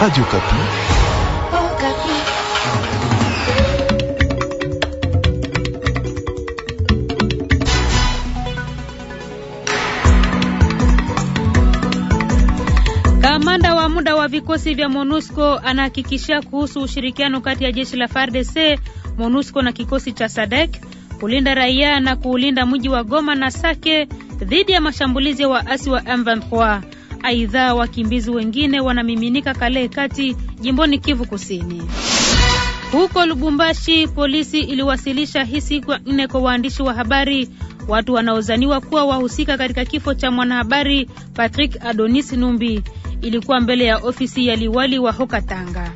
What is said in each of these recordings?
Radio Kapi. Oh, Kapi. Kamanda wa muda wa vikosi vya MONUSCO anahakikishia kuhusu ushirikiano kati ya jeshi la FARDC, MONUSCO na kikosi cha SADC kulinda raia na kuulinda mji wa Goma na Sake dhidi ya mashambulizi ya waasi wa M23. Aidha, wakimbizi wengine wanamiminika Kalehe Kati, jimboni Kivu Kusini. Huko Lubumbashi, polisi iliwasilisha hii siku ya nne kwa waandishi wa habari watu wanaozaniwa kuwa wahusika katika kifo cha mwanahabari Patrick Adonis Numbi. Ilikuwa mbele ya ofisi ya liwali wa Hoka Tanga.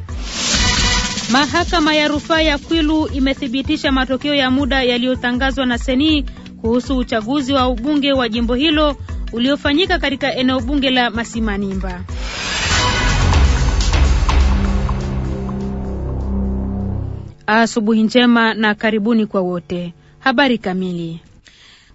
Mahakama ya rufaa ya Kwilu imethibitisha matokeo ya muda yaliyotangazwa na Seni kuhusu uchaguzi wa ubunge wa jimbo hilo uliofanyika katika eneo bunge la Masimanimba. Asubuhi njema na karibuni kwa wote. Habari kamili.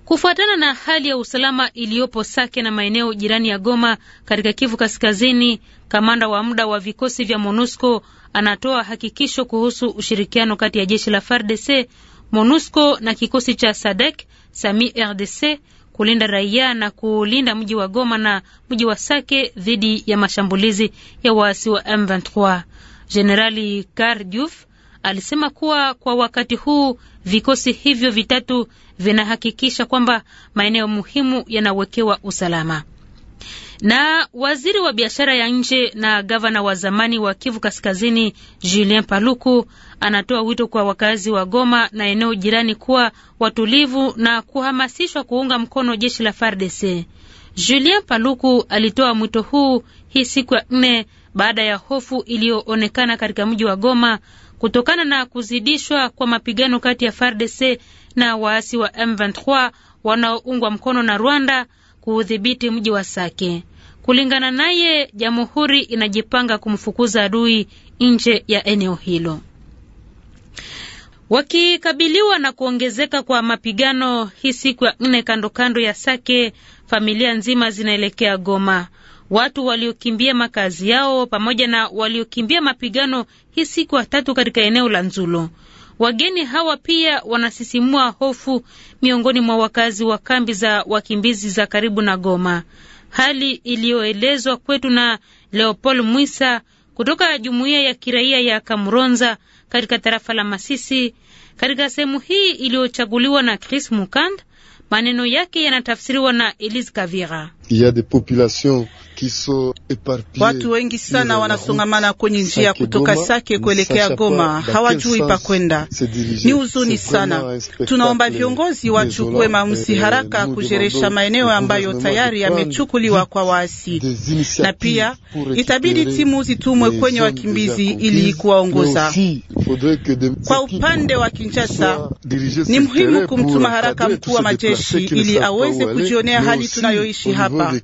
Kufuatana na hali ya usalama iliyopo Sake na maeneo jirani ya Goma katika Kivu Kaskazini, kamanda wa muda wa vikosi vya MONUSCO anatoa hakikisho kuhusu ushirikiano kati ya jeshi la FARDC, MONUSCO na kikosi cha SADEK SAMI RDC kulinda raia na kulinda mji wa Goma na mji wa Sake dhidi ya mashambulizi ya waasi wa M23. Jenerali Kar Diouf alisema kuwa kwa wakati huu vikosi hivyo vitatu vinahakikisha kwamba maeneo muhimu yanawekewa usalama. Na waziri wa biashara ya nje na gavana wa zamani wa Kivu Kaskazini Julien Paluku anatoa wito kwa wakazi wa Goma na eneo jirani kuwa watulivu na kuhamasishwa kuunga mkono jeshi la FARDC. Julien Paluku alitoa mwito huu hii siku ya nne baada ya hofu iliyoonekana katika mji wa Goma kutokana na kuzidishwa kwa mapigano kati ya FARDC na waasi wa M23 wanaoungwa mkono na Rwanda kuudhibiti mji wa Sake. Kulingana naye, jamhuri inajipanga kumfukuza adui nje ya eneo hilo. Wakikabiliwa na kuongezeka kwa mapigano hii siku ya nne kando kando ya Sake, familia nzima zinaelekea Goma. Watu waliokimbia makazi yao pamoja na waliokimbia mapigano hii siku ya tatu katika eneo la Nzulo Wageni hawa pia wanasisimua hofu miongoni mwa wakazi wa kambi za wakimbizi za karibu na Goma, hali iliyoelezwa kwetu na Leopold Mwisa kutoka jumuiya ya kiraia ya Kamronza katika tarafa la Masisi. Katika sehemu hii iliyochaguliwa na Chris Mukand, maneno yake yanatafsiriwa na Elise Kavira. Watu wengi sana wanasongamana kwenye njia kutoka Sake kuelekea Goma, hawajui pa kwenda. Ni huzuni sana. Tunaomba viongozi wachukue maamuzi haraka kujeresha maeneo ambayo tayari yamechukuliwa kwa waasi, na pia itabidi timu zitumwe kwenye wakimbizi ili kuwaongoza. Kwa upande wa Kinshasa, ni muhimu kumtuma haraka mkuu wa majeshi ili aweze kujionea hali tunayoishi hapa,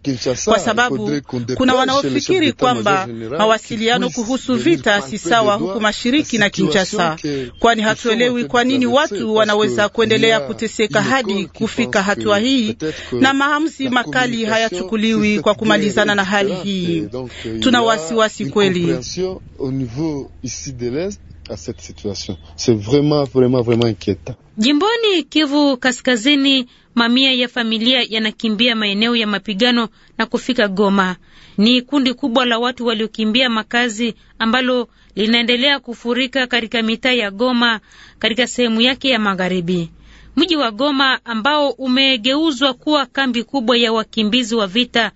kwa sababu kuna wanaofikiri kwamba mawasiliano kuhusu vita si sawa huku mashariki na Kinshasa, kwani hatuelewi kwa nini watu wanaweza kuendelea kuteseka hadi kufika hatua hii, na maamuzi makali hayachukuliwi kwa kumalizana na hali hii. Tuna wasiwasi kweli à cette situation. C'est vraiment, vraiment, vraiment inquiétant. Jimboni Kivu Kaskazini, mamia ya familia yanakimbia maeneo ya mapigano na kufika Goma. Ni kundi kubwa la watu waliokimbia makazi ambalo linaendelea kufurika katika mitaa ya Goma katika sehemu yake ya magharibi. Mji wa Goma ambao umegeuzwa kuwa kambi kubwa ya wakimbizi wa vita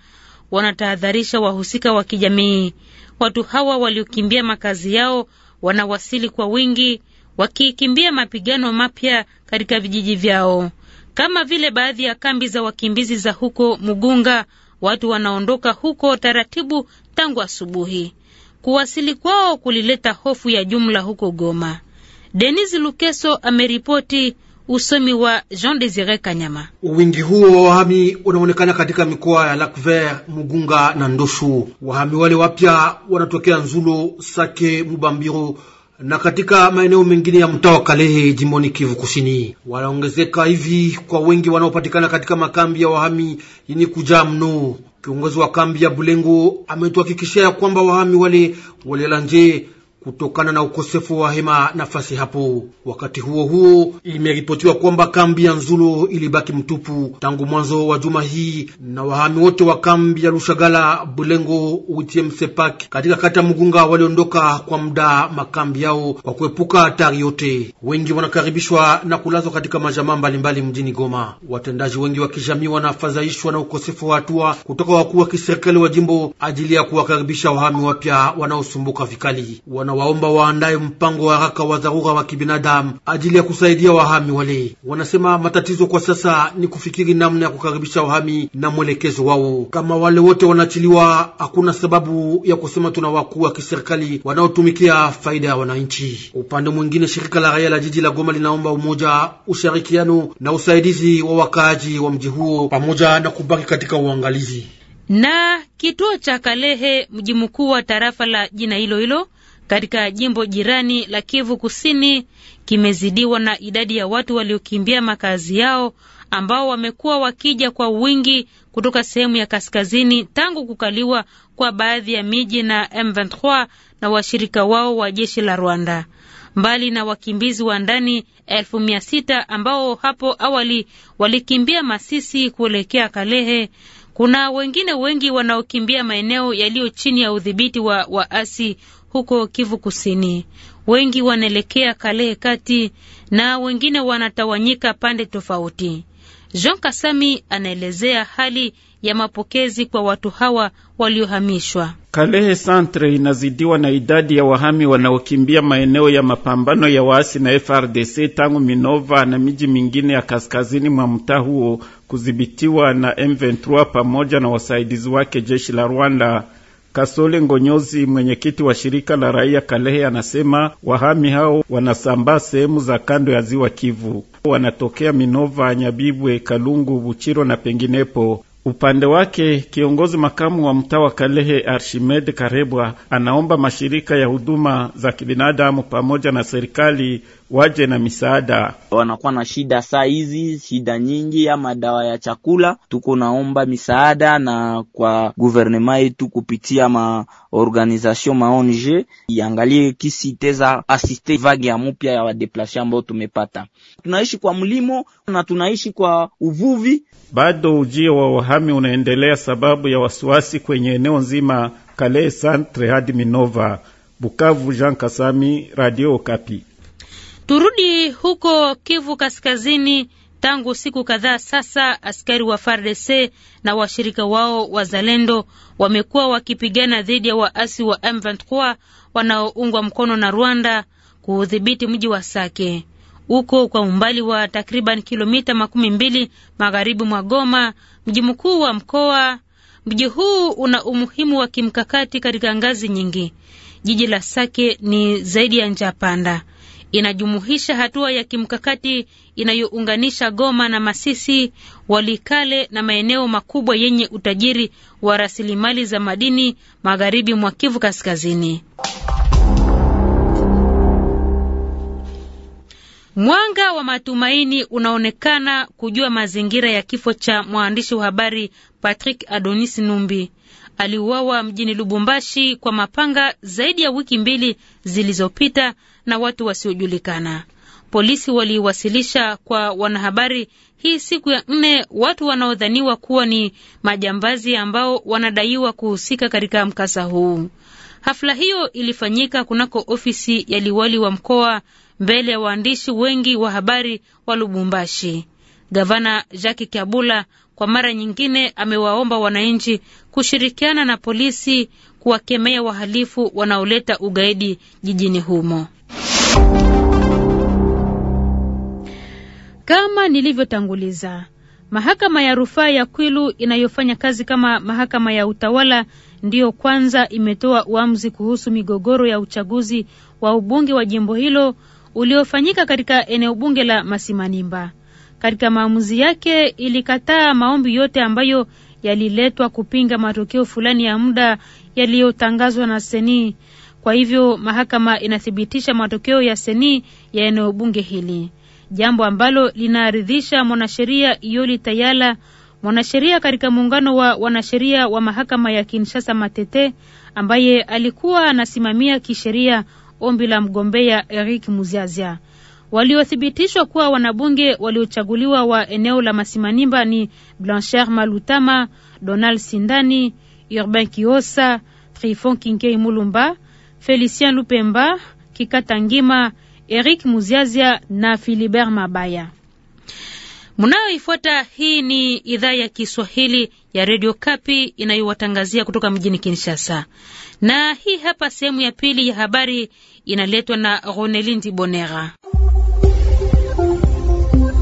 wanatahadharisha wahusika wa kijamii. Watu hawa waliokimbia makazi yao wanawasili kwa wingi wakikimbia mapigano mapya katika vijiji vyao. Kama vile baadhi ya kambi za wakimbizi za huko Mugunga, watu wanaondoka huko taratibu tangu asubuhi. Kuwasili kwao kulileta hofu ya jumla huko Goma. Denis Lukeso ameripoti Usomi wa Jean Desire Kanyama. Wingi huo wa wahami unaonekana katika mikoa ya Lac Vert, Mugunga na Ndoshu. Wahami wale wapya wanatokea Nzulo, Sake, Mubambiro na katika maeneo mengine ya mtaa wa Kalehe jimboni Kivu Kusini. Wanaongezeka hivi kwa wengi wanaopatikana katika makambi ya wahami yenye kujaa mno. Kiongozi wa kambi ya Bulengo ametuhakikishia ya kwamba wahami wale nje kutokana na ukosefu wa hema nafasi hapo. Wakati huo huo, imeripotiwa kwamba kambi ya Nzulo ilibaki mtupu tangu mwanzo wa juma hii, na wahami wote wa kambi ya Lushagala, Bulengo, Witiem, Sepak katika kata Mugunga waliondoka kwa muda makambi yao kwa kuepuka hatari yote. Wengi wanakaribishwa na kulazwa katika majamaa mbalimbali mjini Goma. Watendaji wengi wa kijamii wanafadhaishwa na ukosefu wa hatua kutoka wakuu wa kiserikali wa jimbo ajili ya kuwakaribisha wahami wapya wanaosumbuka vikali Wana wanawaomba waandaye mpango wa haraka wa dharura wa kibinadamu ajili ya kusaidia wahami wale. Wanasema matatizo kwa sasa ni kufikiri namna ya kukaribisha wahami na mwelekezo wao. Kama wale wote wanaachiliwa, hakuna sababu ya kusema tuna wakuu wa kiserikali wanaotumikia faida ya wananchi. Upande mwingine, shirika la raia la jiji la Goma linaomba umoja, ushirikiano na usaidizi wa wakaaji wa mji huo pamoja na kubaki katika uangalizi na kituo cha Kalehe, mji mkuu wa tarafa la jina hilo hilo katika jimbo jirani la Kivu Kusini kimezidiwa na idadi ya watu waliokimbia makazi yao ambao wamekuwa wakija kwa wingi kutoka sehemu ya kaskazini tangu kukaliwa kwa baadhi ya miji na M23 na washirika wao wa jeshi la Rwanda. Mbali na wakimbizi wa ndani elfu mia sita ambao hapo awali walikimbia Masisi kuelekea Kalehe, kuna wengine wengi wanaokimbia maeneo yaliyo chini ya udhibiti wa waasi huko Kivu Kusini. Wengi wanaelekea Kalehe kati na wengine wanatawanyika pande tofauti. Jean Kasami anaelezea hali ya mapokezi kwa watu hawa waliohamishwa. Kalehe Centre inazidiwa na idadi ya wahami wanaokimbia maeneo ya mapambano ya waasi na FRDC tangu Minova na miji mingine ya kaskazini mwa mtaa huo kudhibitiwa na M23 pamoja na wasaidizi wake jeshi la Rwanda. Kasole Ngonyozi, mwenyekiti wa shirika la raia Kalehe, anasema wahami hao wanasambaa sehemu za kando ya ziwa Kivu, wanatokea Minova, Nyabibwe, Kalungu, Buchiro na penginepo. Upande wake kiongozi makamu wa mtaa wa Kalehe Archimed Karebwa anaomba mashirika ya huduma za kibinadamu pamoja na serikali waje na misaada. Wanakuwa na shida saa hizi, shida nyingi ya madawa ya chakula. Tuko naomba misaada na kwa guvernema yetu kupitia maorganization ONG iangalie kisi iteza asiste vage ya mupya ya wadeplase ambao tumepata. Tunaishi kwa mlimo na tunaishi kwa uvuvi. Bado ujio wa wahami unaendelea sababu ya wasiwasi kwenye eneo nzima Kale Santre hadi Minova. Bukavu, Jean Kasami, Radio Kapi. Turudi huko Kivu Kaskazini. Tangu siku kadhaa sasa, askari wa FARDC na washirika wao wazalendo wamekuwa wakipigana dhidi ya waasi wa M23 wanaoungwa mkono na Rwanda kuudhibiti mji wa Sake uko kwa umbali wa takriban kilomita makumi mbili magharibi mwa Goma, mji mkuu wa mkoa. Mji huu una umuhimu wa kimkakati katika ngazi nyingi. Jiji la Sake ni zaidi ya njia panda inajumuisha hatua ya kimkakati inayounganisha Goma na Masisi, Walikale na maeneo makubwa yenye utajiri wa rasilimali za madini magharibi mwa Kivu Kaskazini. Mwanga wa matumaini unaonekana kujua mazingira ya kifo cha mwandishi wa habari Patrick Adonis Numbi aliuawa mjini Lubumbashi kwa mapanga zaidi ya wiki mbili zilizopita na watu wasiojulikana. Polisi waliwasilisha kwa wanahabari hii siku ya nne watu wanaodhaniwa kuwa ni majambazi ambao wanadaiwa kuhusika katika mkasa huu. Hafla hiyo ilifanyika kunako ofisi ya liwali wa mkoa mbele ya waandishi wengi wa habari wa Lubumbashi. Gavana Jacques Kabula kwa mara nyingine amewaomba wananchi kushirikiana na polisi kuwakemea wahalifu wanaoleta ugaidi jijini humo. Kama nilivyotanguliza, mahakama ya rufaa ya Kwilu inayofanya kazi kama mahakama ya utawala ndiyo kwanza imetoa uamuzi kuhusu migogoro ya uchaguzi wa ubunge wa jimbo hilo uliofanyika katika eneo bunge la Masimanimba katika maamuzi yake ilikataa maombi yote ambayo yaliletwa kupinga matokeo fulani ya muda yaliyotangazwa na Seni. Kwa hivyo mahakama inathibitisha matokeo ya Seni ya eneo bunge hili, jambo ambalo linaaridhisha mwanasheria Ioli Tayala, mwanasheria katika muungano wa wanasheria wa mahakama ya Kinshasa Matete, ambaye alikuwa anasimamia kisheria ombi la mgombea Eric Muziazia. Waliothibitishwa kuwa wanabunge waliochaguliwa wa eneo la Masimanimba ni Blanchard Malutama, Donald Sindani, Urbain Kiosa, Trifon Kinkei Mulumba, Felicien Lupemba, Kikata Ngima, Eric Muziazia na Philibert Mabaya. Mnayoifuata hii ni idhaa ya Kiswahili ya redio Kapi inayowatangazia kutoka mjini Kinshasa. Na hii hapa sehemu ya pili ya habari inaletwa na Ronelindi Bonera.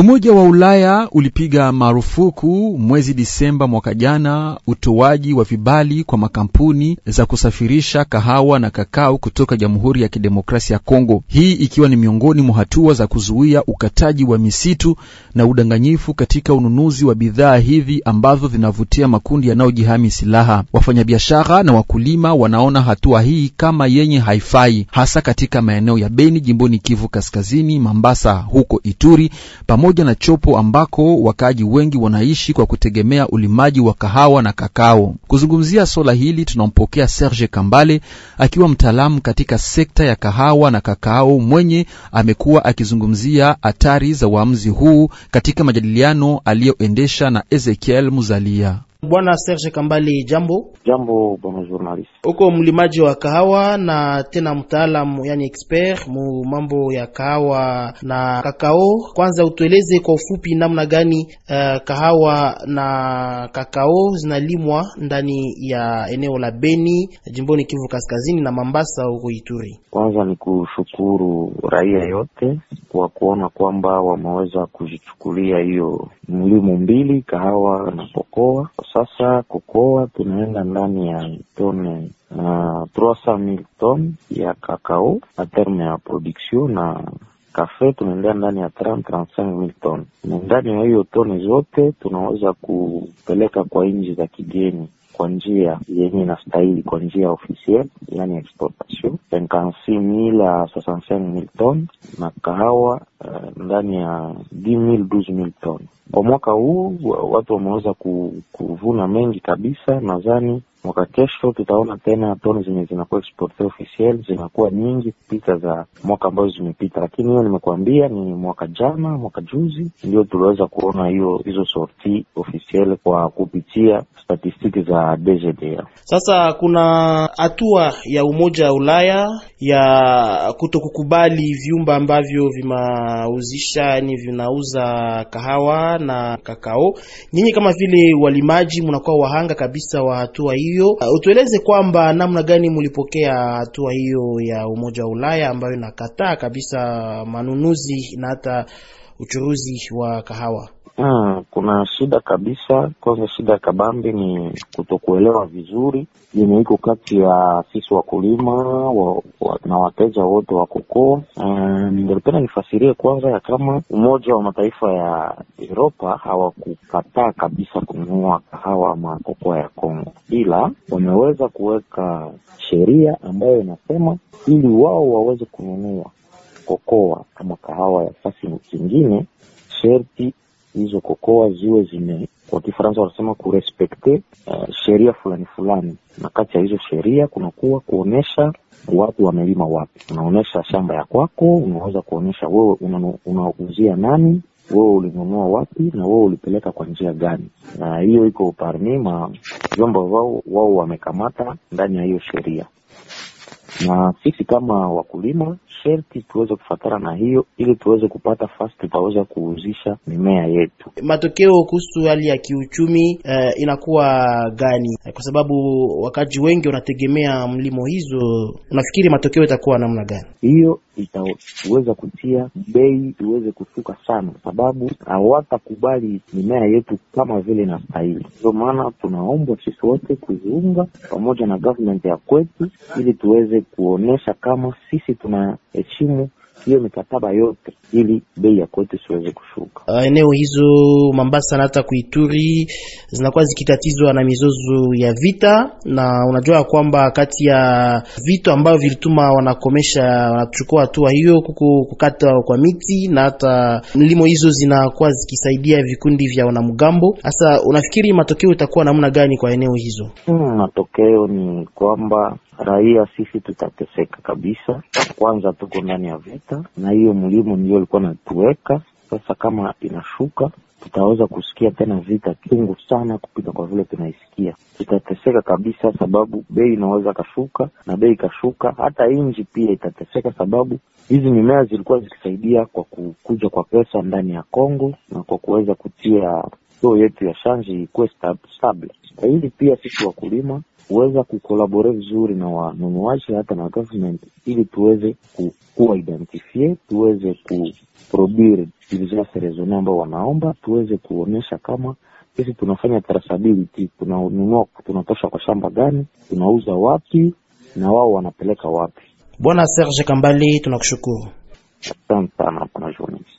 Umoja wa Ulaya ulipiga marufuku mwezi Disemba mwaka jana utoaji wa vibali kwa makampuni za kusafirisha kahawa na kakao kutoka Jamhuri ya Kidemokrasia ya Kongo, hii ikiwa ni miongoni mwa hatua za kuzuia ukataji wa misitu na udanganyifu katika ununuzi wa bidhaa hivi ambazo zinavutia makundi yanayojihami silaha. Wafanyabiashara na wakulima wanaona hatua hii kama yenye haifai, hasa katika maeneo ya Beni, jimboni Kivu Kaskazini, Mambasa, huko Ituri pamoja pamoja na Chopo ambako wakaaji wengi wanaishi kwa kutegemea ulimaji wa kahawa na kakao. Kuzungumzia swala hili tunampokea Serge Kambale akiwa mtaalamu katika sekta ya kahawa na kakao, mwenye amekuwa akizungumzia hatari za uamuzi huu katika majadiliano aliyoendesha na Ezekiel Muzalia. Bwana Serge Kambale, jambo jambo. Bwana journalist, uko mlimaji wa kahawa na tena mtaalamu yani expert mu mambo ya kahawa na kakao. Kwanza utueleze kwa ufupi namna gani uh, kahawa na kakao zinalimwa ndani ya eneo la Beni jimboni Kivu Kaskazini na Mambasa huko Ituri. Kwanza ni kushukuru raia yote kwa kuona kwamba wameweza kujichukulia hiyo mlimo mbili kahawa na pokoa sasa kokoa tunaenda ndani ya tone uh, 300000 ton ya kakao na terme ya production na kafe tunaendea ndani ya 35 ton, na ndani ya hiyo tone zote tunaweza kupeleka kwa nchi za kigeni kwa njia yenye inastahili, kwa njia officiel, yani exportation 56000 ton na kahawa uh, ndani ya 10000 12000 ton. Kwa mwaka huu watu wameweza kuvuna mengi kabisa, nadhani Mwaka kesho tutaona tena toni zenye zinakuwa exporte officiel zinakuwa nyingi kupita za mwaka ambazo zimepita, lakini hiyo nimekuambia ni mwaka jana, mwaka juzi ndio tuliweza kuona hiyo hizo sorti officiel kwa kupitia statistiki za DGDA. Sasa kuna hatua ya Umoja wa Ulaya ya kutokukubali vyumba ambavyo vimauzisha yani vinauza kahawa na kakao. Nyinyi kama vile walimaji mnakuwa wahanga kabisa wa hatua hii hiyo. Uh, utueleze kwamba namna gani mulipokea hatua hiyo ya Umoja wa Ulaya ambayo inakataa kabisa manunuzi na hata uchuruzi wa kahawa. Hmm, kuna shida kabisa. Kwanza shida ya kabambi ni kutokuelewa vizuri yenye iko kati ya sisi wakulima wa, wa, na wateja wote wa kokoa. Eh, Ningependa um, nifasirie kwanza ya kama Umoja wa Mataifa ya Europa hawakukataa kabisa kununua kahawa ama kokoa ya Kongo, ila wameweza kuweka sheria ambayo inasema ili wao waweze kununua kokoa ama kahawa ya fasi nyingine sherti hizo kokoa ziwe zime kwa Kifaransa wanasema kurespekte uh, sheria fulani fulani, na kati ya hizo sheria kunakuwa kuonyesha watu wamelima wapi. unaonyesha shamba ya kwako, unaweza kuonyesha wewe unauzia nani wewe ulinunua wapi na wewe ulipeleka kwa njia gani, na hiyo iko parmi ma vyombo vao wao wamekamata ndani ya hiyo sheria na sisi kama wakulima sherti tuweze kufatana na hiyo, ili tuweze kupata fasi tutaweza kuuzisha mimea yetu. Matokeo kuhusu hali ya kiuchumi eh, inakuwa gani? Eh, kwa sababu wakati wengi wanategemea mlimo hizo, unafikiri matokeo itakuwa namna gani? Hiyo itaweza kutia bei iweze kushuka sana, sababu hawatakubali mimea yetu kama vile inastahili. Ndio maana tunaombwa sisi wote kuziunga pamoja na government ya kwetu, ili tuweze tuweze kuonesha kama sisi tunaheshimu hiyo mikataba yote ili bei ya kwetu siweze kushuka. Uh, eneo hizo Mambasa na hata Kuituri zinakuwa zikitatizwa na mizozo ya vita, na unajua kwamba kati ya vitu ambavyo vilituma wanakomesha wanachukua hatua hiyo kuku kukata kwa miti na hata milimo hizo zinakuwa zikisaidia vikundi vya wanamgambo. Sasa unafikiri matokeo itakuwa namna gani kwa eneo hizo? Hmm, matokeo ni kwamba raia sisi tutateseka kabisa. Kwanza tuko ndani ya vita, na hiyo mlimo ndio ilikuwa natuweka sasa. Kama inashuka, tutaweza kusikia tena vita chungu sana kupita kwa vile tunaisikia. Tutateseka kabisa, sababu bei inaweza kashuka, na bei ikashuka, hata inji pia itateseka, sababu hizi mimea zilikuwa zikisaidia kwa kukuja kwa pesa ndani ya Kongo na kwa kuweza kutia flow yetu ya shanji ikuwe stable, ili pia sisi wakulima huweza kukolabore vizuri na wanunuaji hata na government, ili tuweze kuwa identifie tuweze kuproduire diviase rezone ambao wanaomba, tuweze kuonyesha kama sisi tunafanya traceability, tunanunua tunatosha kwa shamba gani, tunauza wapi na wao wanapeleka wapi. Bwana Serge Kambali, tunakushukuru. Asante sana bwana journalist.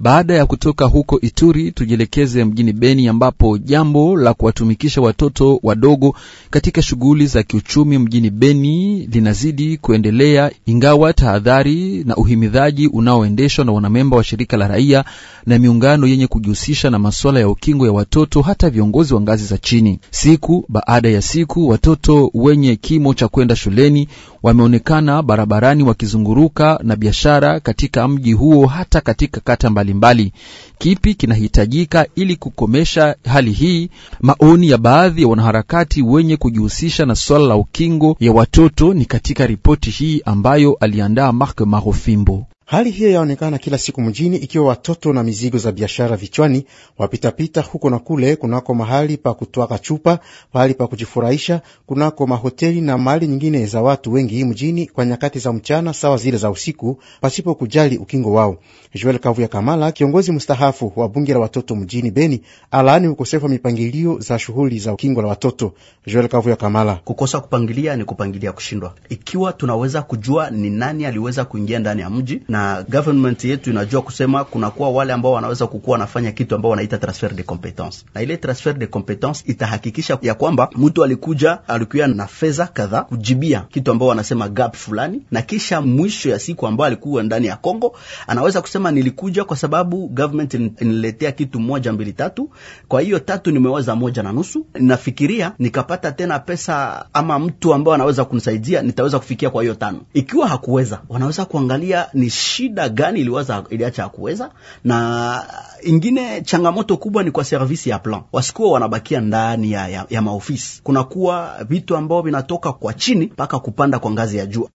Baada ya kutoka huko Ituri, tujielekeze mjini Beni ambapo jambo la kuwatumikisha watoto wadogo katika shughuli za kiuchumi mjini Beni linazidi kuendelea, ingawa tahadhari na uhimidhaji unaoendeshwa na wanamemba wa shirika la raia na miungano yenye kujihusisha na masuala ya ukingo ya watoto, hata viongozi wa ngazi za chini. Siku baada ya siku, watoto wenye kimo cha kwenda shuleni wameonekana barabarani wakizunguruka na biashara katika mji huo, hata katika kata mbali mbalimbali. Kipi kinahitajika ili kukomesha hali hii? Maoni ya baadhi ya wanaharakati wenye kujihusisha na swala la ukingo ya watoto ni katika ripoti hii ambayo aliandaa Mark Marofimbo. Hali hiyo yaonekana kila siku mjini, ikiwa watoto na mizigo za biashara vichwani wapitapita huko na kule, kunako mahali pa kutwaka chupa, pahali pa kujifurahisha, kunako mahoteli na mahali nyingine za watu wengi mjini, kwa nyakati za mchana sawa zile za usiku, pasipo kujali ukingo wao. Joel Kavuya Kamala, kiongozi mstahafu wa bunge la watoto mjini Beni, alaani ukosefu wa mipangilio za shughuli za ukingo la watoto. Joel Kavuya Kamala: kukosa kupangilia ni kupangilia kushindwa. Ikiwa tunaweza kujua ni nani aliweza kuingia ndani ya mji na na government yetu inajua kusema kunakuwa wale ambao wanaweza kukuwa wanafanya kitu ambao wanaita transfer de competence, na ile transfer de competence itahakikisha ya kwamba mtu alikuja alikuwa na fedha kadhaa kujibia kitu ambao wanasema gap fulani, na kisha mwisho ya siku ambao alikuwa ndani ya Kongo anaweza kusema nilikuja kwa sababu government niletea kitu moja mbili tatu, kwa hiyo tatu nimeweza moja na nusu, nafikiria nikapata tena pesa ama mtu ambao anaweza kunisaidia nitaweza kufikia kwa hiyo tano. Ikiwa hakuweza wanaweza kuangalia ni shida gani iliwaza iliacha ya kuweza, na ingine changamoto kubwa ni kwa servisi ya plan, wasikuwa wanabakia ndani ya, ya, ya maofisi. Kunakuwa vitu ambavyo vinatoka kwa chini mpaka kupanda kwa ngazi ya jua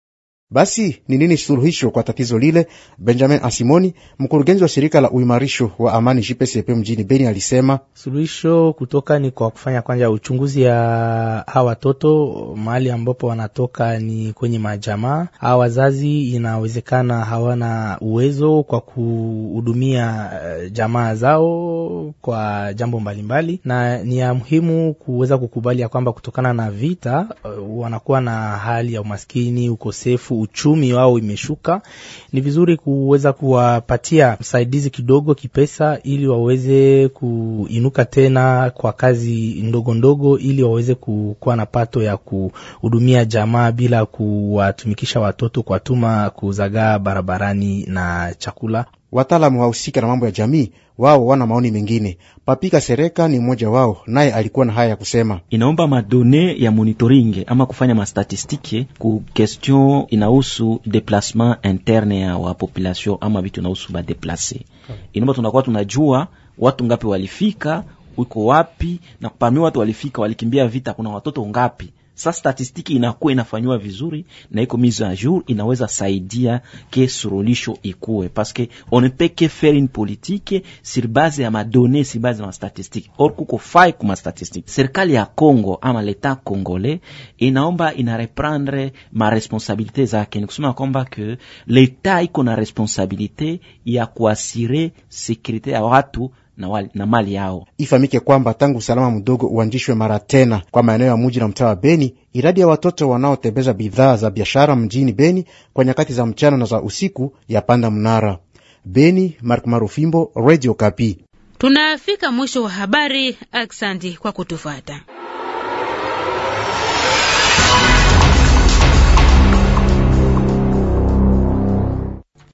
basi ni nini suluhisho kwa tatizo lile? Benjamin Asimoni, mkurugenzi wa shirika la uimarisho wa amani JPCP mjini Beni, alisema suluhisho kutoka ni kwa kufanya kwanza uchunguzi ya hawa watoto mahali ambapo wanatoka ni kwenye majamaa. Hawa wazazi inawezekana hawana uwezo kwa kuhudumia eh, jamaa zao kwa jambo mbalimbali mbali, na ni ya muhimu kuweza kukubali ya kwamba kutokana na vita eh, wanakuwa na hali ya umaskini, ukosefu uchumi wao imeshuka, ni vizuri kuweza kuwapatia msaidizi kidogo kipesa, ili waweze kuinuka tena kwa kazi ndogo ndogo, ili waweze kuwa na pato ya kuhudumia jamaa bila kuwatumikisha watoto kwa tuma kuzagaa barabarani na chakula. Wataalamu wahusika na mambo ya jamii wao wana maoni mengine. Papika Sereka ni mmoja wao, naye alikuwa na haya ya kusema. Inaomba madone ya monitoring ama kufanya mastatistike ku question inahusu deplasement interne ya wapopulation ama vitu inahusu badeplace Inaomba tunakuwa tunajua watu ngapi walifika uko wapi, na parmi watu walifika walikimbia vita, kuna watoto ngapi sasa statistiki inakuwa inafanywa vizuri na iko mise a jour, inaweza saidia ke surulisho ikuwe, paske on ne peut que faire une politique sur base ya madone, sur base ya mastatistiki. Or kuko fai kuma statistiki. Serikali ya Congo ama leta congolais inaomba ma responsabilite zake, ni kusema kwamba ke leta iko na responsabilite ya kuasire sekirite ya watu na, wali, na mali yao. Ifahamike kwamba tangu usalama mdogo uanzishwe mara tena kwa maeneo ya muji na mtaa wa Beni, idadi ya watoto wanaotembeza bidhaa za biashara mjini Beni kwa nyakati za mchana na za usiku ya panda mnara. Beni, Mark Marufimbo, Radio Kapi. Tunafika mwisho wa habari. Aksandi kwa kutufata